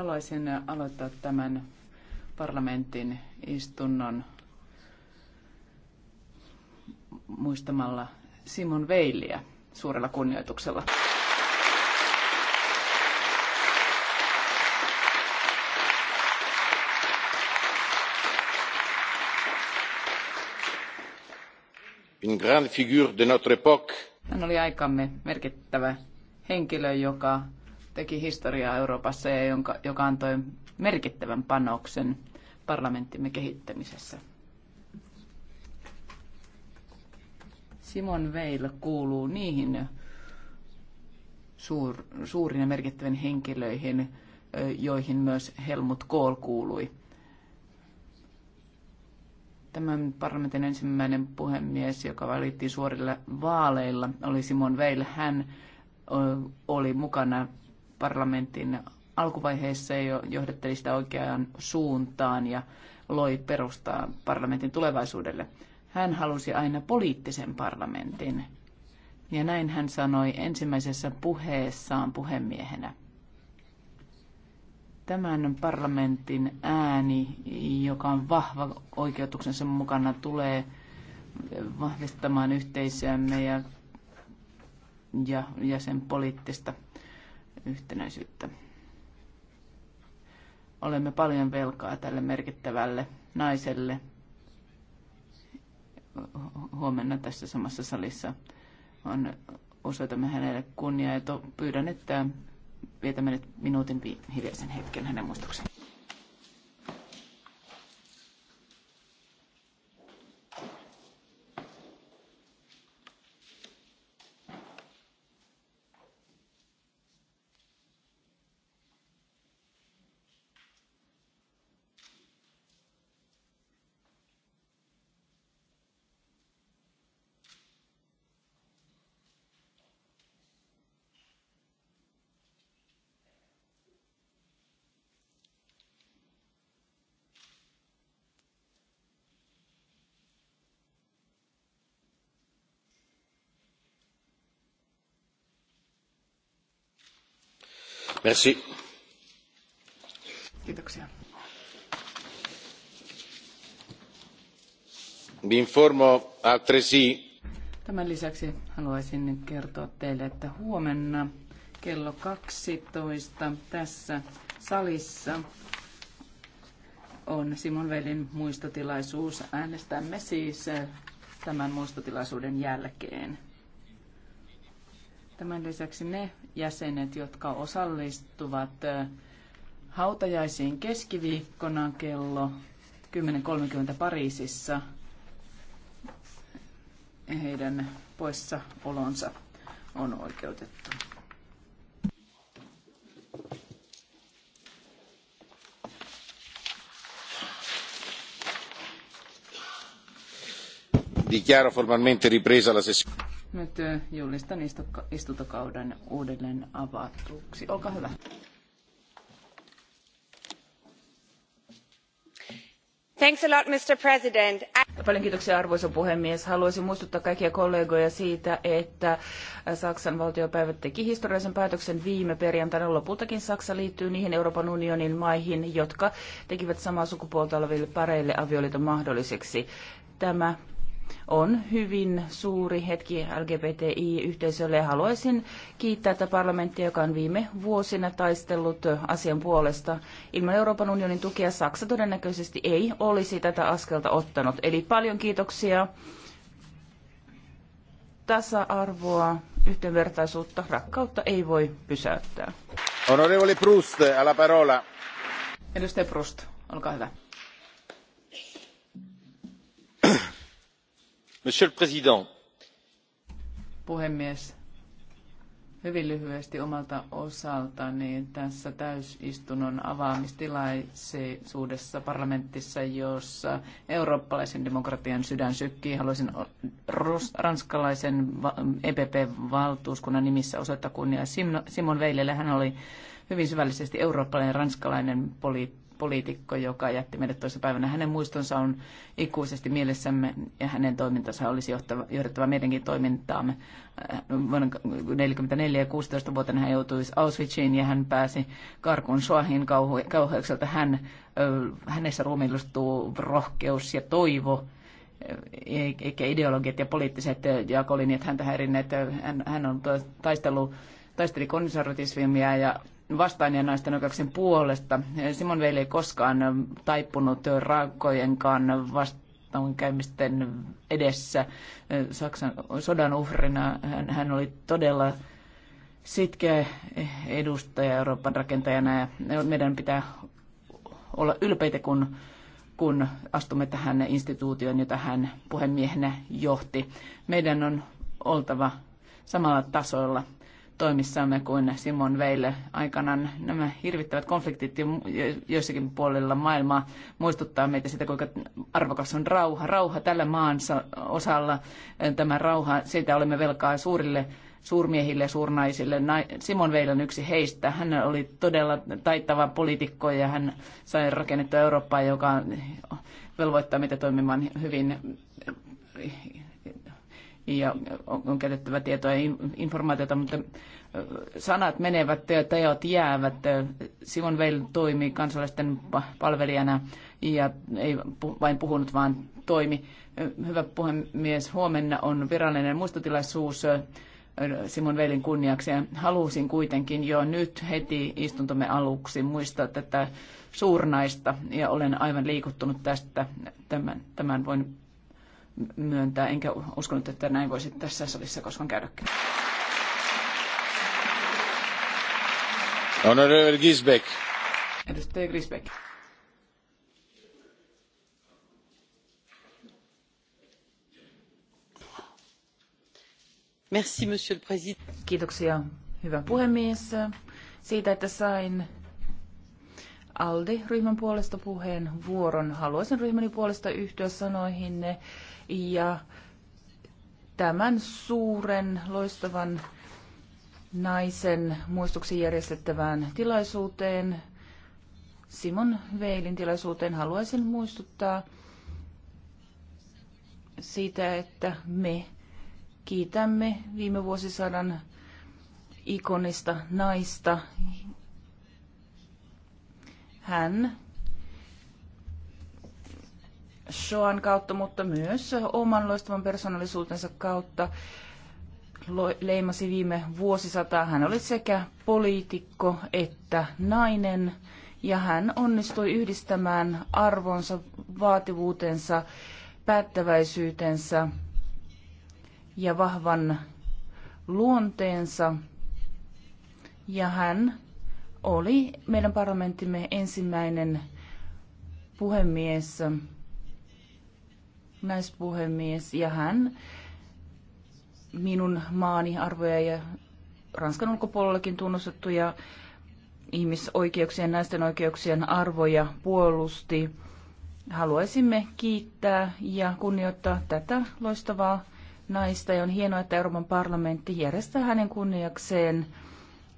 Haluaisin aloittaa tämän parlamentin istunnon muistamalla Simon Veiliä suurella kunnioituksella. Une grande figure de notre époque. Hän oli aikamme merkittävä henkilö, joka teki historiaa Euroopassa ja jonka, joka antoi merkittävän panoksen parlamenttimme kehittämisessä. Simon Veil kuuluu niihin suur, suurin ja merkittävän henkilöihin, joihin myös Helmut Kohl kuului. Tämän parlamentin ensimmäinen puhemies, joka valittiin suorilla vaaleilla, oli Simon Veil. Hän oli mukana parlamentin alkuvaiheessa jo johdatteli sitä oikeaan suuntaan ja loi perustaa parlamentin tulevaisuudelle. Hän halusi aina poliittisen parlamentin. Ja näin hän sanoi ensimmäisessä puheessaan puhemiehenä. Tämän parlamentin ääni, joka on vahva oikeutuksensa mukana, tulee vahvistamaan yhteisöämme ja, ja, ja sen poliittista yhtenäisyyttä. Olemme paljon velkaa tälle merkittävälle naiselle. Huomenna tässä samassa salissa on, osoitamme hänelle kunniaa ja to, pyydän, että vietämme nyt minuutin hiljaisen hetken hänen muistokseen. Vi informo altresì. Tämän lisäksi haluaisin nyt kertoa teille, että huomenna kello 12 tässä salissa on Simon Velin muistotilaisuus. Äänestämme siis eh, tämän muistotilaisuuden jälkeen. Tämän lisäksi ne jäsenet, jotka osallistuvat hautajaisiin keskiviikkona kello 10.30 Pariisissa, heidän poissaolonsa on oikeutettu. Dichiaro formalmente ripresa la sessione. Nyt julistan istuntokauden uudelleen avatuksi. Olkaa hyvä. Thanks a lot, Mr. President. Paljon kiitoksia arvoisa puhemies. Haluaisin muistuttaa kaikkia kollegoja siitä, että Saksan valtiopäivät teki historiallisen päätöksen viime perjantaina. Lopultakin Saksa liittyy niihin Euroopan unionin maihin, jotka tekivät samaa sukupuolta oleville pareille avioliiton mahdolliseksi. Tämä on hyvin suuri hetki LGBTI-yhteisölle ja haluaisin kiittää tätä parlamenttia, joka on viime vuosina taistellut asian puolesta. Ilman Euroopan unionin tukea Saksa todennäköisesti ei olisi tätä askelta ottanut. Eli paljon kiitoksia tasa-arvoa, yhdenvertaisuutta, rakkautta ei voi pysäyttää. Onorevole Proust, alla parola. Edustaja Prust olkaa hyvä. Monsieur le Président. Puhemies, hyvin lyhyesti omalta osaltani tässä täysistunnon avaamistilaisuudessa parlamentissa, jossa eurooppalaisen demokratian sydän sykkii. Haluaisin ranskalaisen EPP-valtuuskunnan nimissä osoittaa kunnia Simon Veilelle. Hän oli hyvin syvällisesti eurooppalainen ranskalainen poliittinen poliitikko, joka jätti meidät toisen päivänä. Hänen muistonsa on ikuisesti mielessämme ja hänen toimintansa olisi johtava, johdettava meidänkin toimintaamme. Äh, vuonna 1944 ja 16 vuoteen hän joutui Auschwitziin ja hän pääsi karkuun Suahin kauheukselta. Hän, äh, hänessä ruumiillistuu rohkeus ja toivo äh, eikä ideologiat ja poliittiset jakolinjat häntä häirinneet. Hän, hän on taistellut taisteli konservatismia ja vastaan naisten oikeuksien puolesta. Simon Veil ei koskaan taipunut raakojenkaan vastaankäymisten edessä Saksan sodan uhrina. Hän, hän oli todella sitkeä edustaja Euroopan rakentajana ja meidän pitää olla ylpeitä, kun, kun astumme tähän instituutioon, jota hän puhemiehenä johti. Meidän on oltava samalla tasolla toimissamme kuin Simon Veille aikanaan. Nämä hirvittävät konfliktit joissakin puolilla maailmaa muistuttaa meitä sitä, kuinka arvokas on rauha. Rauha tällä maan osalla, tämä rauha, siitä olemme velkaa suurille suurmiehille ja suurnaisille. Simon Veil on yksi heistä. Hän oli todella taittava poliitikko ja hän sai rakennettua Eurooppaa, joka velvoittaa meitä toimimaan hyvin ja on käytettävä tietoa ja informaatiota, mutta sanat menevät ja teot jäävät. Simon Veil toimii kansalaisten palvelijana ja ei vain puhunut, vaan toimi. Hyvä puhemies, huomenna on virallinen muistotilaisuus Simon Veilin kunniaksi. Halusin kuitenkin jo nyt heti istuntomme aluksi muistaa tätä suurnaista ja olen aivan liikuttunut tästä. Tämän, tämän voin myöntää, enkä uskonut, että näin voisi tässä salissa koskaan käydäkään. Honorable Gisbeck. Edustaja Grisbeck. Merci, monsieur le président. Kiitoksia, hyvä puhemies, siitä, että sain ALDE-ryhmän puolesta puheen vuoron. Haluaisin ryhmäni puolesta yhtyä sanoihinne ja tämän suuren, loistavan naisen muistoksi järjestettävään tilaisuuteen, Simon Veilin tilaisuuteen, haluaisin muistuttaa siitä, että me kiitämme viime vuosisadan ikonista naista, hän Shoan kautta, mutta myös oman loistavan persoonallisuutensa kautta leimasi viime vuosisataa. Hän oli sekä poliitikko että nainen ja hän onnistui yhdistämään arvonsa, vaativuutensa, päättäväisyytensä ja vahvan luonteensa. Ja hän oli meidän parlamenttimme ensimmäinen puhemies, naispuhemies, ja hän minun maani arvoja ja Ranskan ulkopuolellakin tunnustettuja ihmisoikeuksien, naisten oikeuksien arvoja puolusti. Haluaisimme kiittää ja kunnioittaa tätä loistavaa naista ja on hienoa, että Euroopan parlamentti järjestää hänen kunniakseen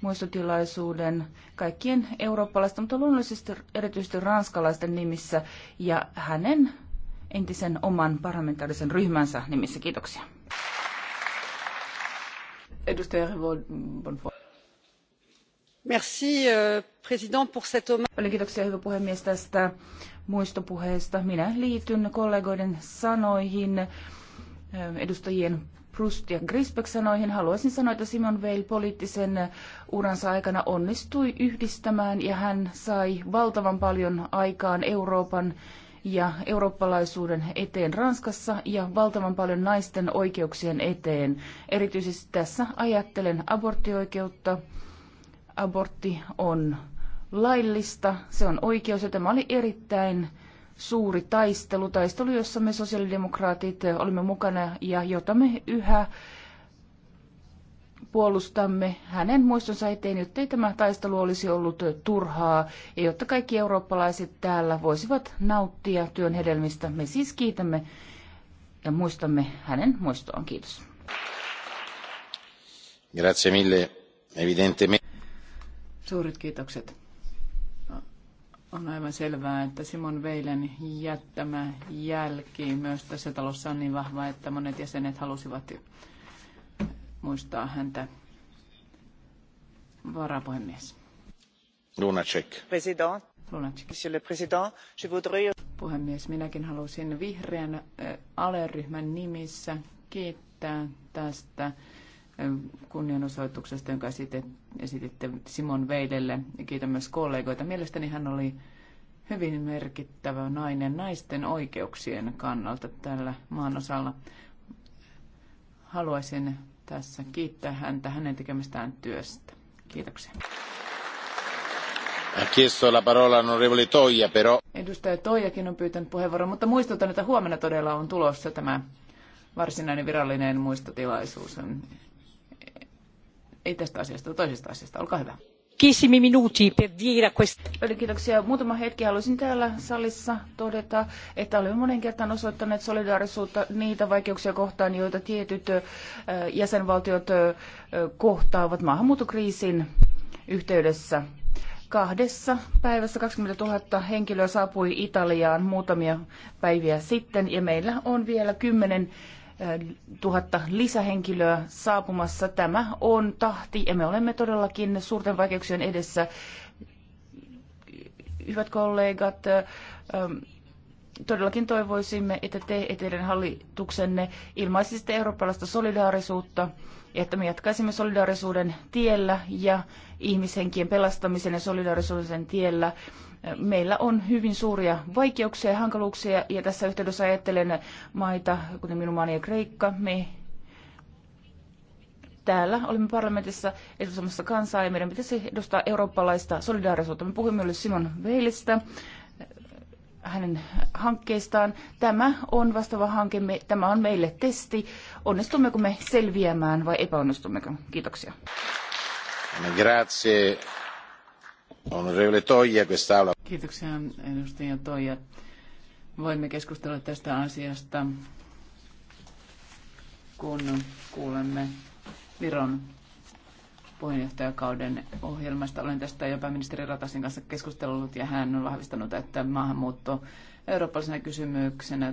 muistotilaisuuden kaikkien eurooppalaisten, mutta luonnollisesti erityisesti ranskalaisten nimissä ja hänen entisen oman parlamentaarisen ryhmänsä nimissä. Kiitoksia. Edustaja Bonfoy. Merci, euh, president, pour cette Paljon kiitoksia, hyvä puhemies, tästä muistopuheesta. Minä liityn kollegoiden sanoihin edustajien Proust ja Grisbeck sanoihin haluaisin sanoa, että Simon Veil poliittisen uransa aikana onnistui yhdistämään ja hän sai valtavan paljon aikaan Euroopan ja eurooppalaisuuden eteen Ranskassa ja valtavan paljon naisten oikeuksien eteen. Erityisesti tässä ajattelen aborttioikeutta. Abortti on laillista, se on oikeus ja tämä oli erittäin suuri taistelu, taistelu, jossa me sosiaalidemokraatit olimme mukana ja jota me yhä puolustamme hänen muistonsa eteen, jottei tämä taistelu olisi ollut turhaa ja jotta kaikki eurooppalaiset täällä voisivat nauttia työn hedelmistä. Me siis kiitämme ja muistamme hänen muistoaan. Kiitos. Grazie mille, evidentemente. Suuret kiitokset. On aivan selvää, että Simon Veilen jättämä jälki myös tässä talossa on niin vahva, että monet jäsenet halusivat muistaa häntä. Varapuhemies. Lunacek. President. Lunacek. Monsieur le Président, je voudrais... Puhemies, minäkin halusin vihreän aleryhmän nimissä kiittää tästä kunnianosoituksesta, jonka esititte Simon Veidelle. kiitän myös kollegoita. Mielestäni hän oli hyvin merkittävä nainen naisten oikeuksien kannalta tällä maanosalla. Haluaisin tässä kiittää häntä hänen tekemästään työstä. Kiitoksia. Edustaja Toijakin on pyytänyt puheenvuoron, mutta muistutan, että huomenna todella on tulossa tämä varsinainen virallinen muistotilaisuus. Ei tästä asiasta, toisesta asiasta. Olkaa hyvä. minuutti per Kiitoksia. Muutama hetki haluaisin täällä salissa todeta, että olemme monen kertaan osoittaneet solidaarisuutta niitä vaikeuksia kohtaan, joita tietyt jäsenvaltiot kohtaavat maahanmuuttokriisin yhteydessä kahdessa päivässä 20 000 henkilöä saapui Italiaan muutamia päiviä sitten ja meillä on vielä kymmenen tuhatta lisähenkilöä saapumassa. Tämä on tahti ja me olemme todellakin suurten vaikeuksien edessä. Hyvät kollegat, ähm, todellakin toivoisimme, että te eteiden hallituksenne ilmaisisitte eurooppalaista solidaarisuutta, että me jatkaisimme solidaarisuuden tiellä ja ihmishenkien pelastamisen ja solidaarisuuden tiellä meillä on hyvin suuria vaikeuksia ja hankaluuksia, ja tässä yhteydessä ajattelen maita, kuten minun maani ja Kreikka. Me täällä olemme parlamentissa edustamassa kansaa, ja meidän pitäisi edustaa eurooppalaista solidaarisuutta. Me puhuimme myös Simon Veilistä, hänen hankkeestaan. Tämä on vastaava hanke, tämä on meille testi. Onnistummeko me selviämään vai epäonnistummeko? Kiitoksia. Grazie. Kiitoksia edustaja Toija. Voimme keskustella tästä asiasta, kun kuulemme Viron puheenjohtajakauden ohjelmasta. Olen tästä jo pääministeri Ratasin kanssa keskustellut ja hän on vahvistanut, että maahanmuutto eurooppalaisena kysymyksenä